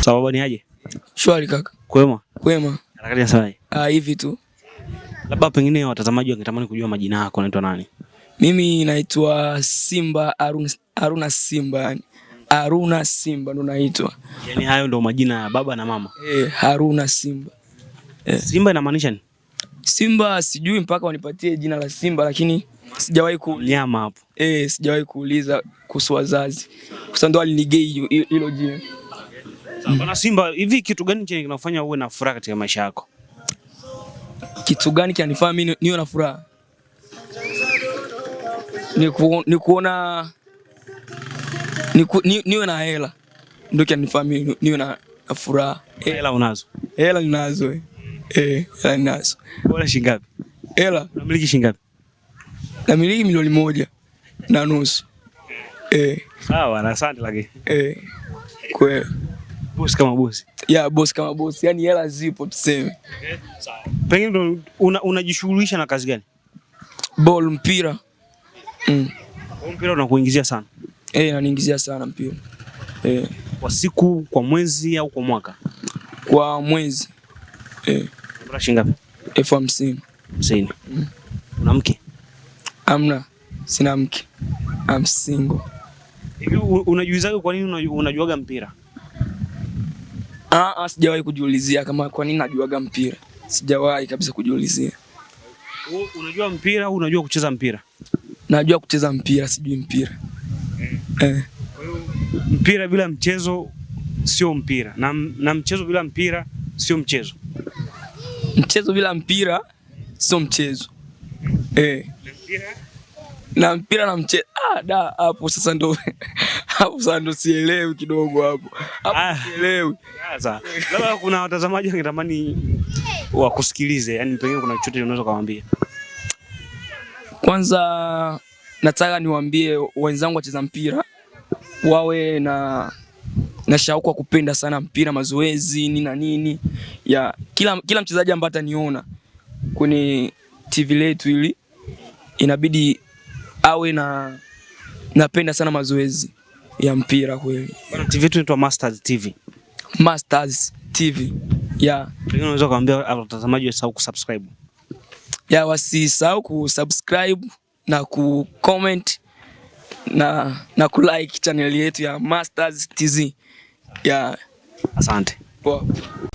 Sababu ni aje? Shwari kaka. Kwema? Kwema. Harakati sana. Ah, hivi tu. Labda pengine watazamaji wangetamani kujua majina yako, unaitwa nani? Mimi naitwa Simba Arun, Aruna Simba yani. Haruna Simba ndo naitwa. Yaani hayo ndo majina ya baba na mama. Eh, Aruna Simba. Eh. Simba inamaanisha nini? Simba sijui mpaka wanipatie jina la Simba lakini sijawahi ku nyama hapo. Eh, sijawahi kuuliza kuhusu wazazi. Kwa sababu ndo alinigei hilo jina. Bwana Simba, hivi kitu gani chenye kinafanya uwe na furaha katika maisha yako? Kitu gani kinanifanya mimi niwe na furaha? Ni, ku, ni kuona ni ku, ni, niwe na hela ndio kinanifanya mimi niwe na, na furaha. Hela unazo? Hela ninazo eh. Eh, hela ninazo. Bora shilingi ngapi? Hela. Unamiliki shilingi ngapi? Namiliki milioni moja na nusu. Eh. Sawa, asante lakini. Eh. Kweli boss kama boss. Yeah, boss kama boss. Yaani hela zipo tuseme. Okay. Sawa. Pengine unajishughulisha una na kazi gani? Ball mpira. Mm. Mpira unakuingizia sana? Eh, hey, inaniingizia sana mpira. Eh. Hey. Kwa siku, kwa mwezi au kwa mwaka? Kwa mwezi. Eh. shilingi ngapi? Elfu hamsini. Hamsini. Mm. Una mke? Amna. Sina mke. I'm single. Hivi unajuizaje kwa nini unajuaga mpira? Ah, ah, sijawahi kujiulizia kama kwa nini najuaga mpira. Sijawahi kabisa kujiulizia. unajua mpira au unajua kucheza mpira? Najua kucheza mpira, sijui mpira. Eh. eh. mpira bila mchezo sio mpira na, na mchezo bila mpira sio mchezo. Mchezo bila mpira sio mchezo. Eh. Na mpira na mchezo. Ah, da hapo sasa ndio hapo sasa ndo sielewi kidogo hapo hapo ah. sielewi. Sasa labda kuna watazamaji wangetamani wakusikilize, yani pengine kuna chochote unaweza kawaambia? Kwanza nataka niwaambie wenzangu wacheza mpira wawe na na shauku ya kupenda sana mpira, mazoezi nini na nini ya kila, kila mchezaji ambaye ataniona kwenye TV letu hili inabidi awe na napenda sana mazoezi ya mpira kweli. Bwana, TV yetu inaitwa Masters TV. Masters TV. Yeah. Pengine unaweza kuambia watazamaji wasahau kusubscribe. Yeah, wasisahau kusubscribe na kucomment na na kulike channel yetu ya Mastaz TZ. Yeah. Asante. Poa.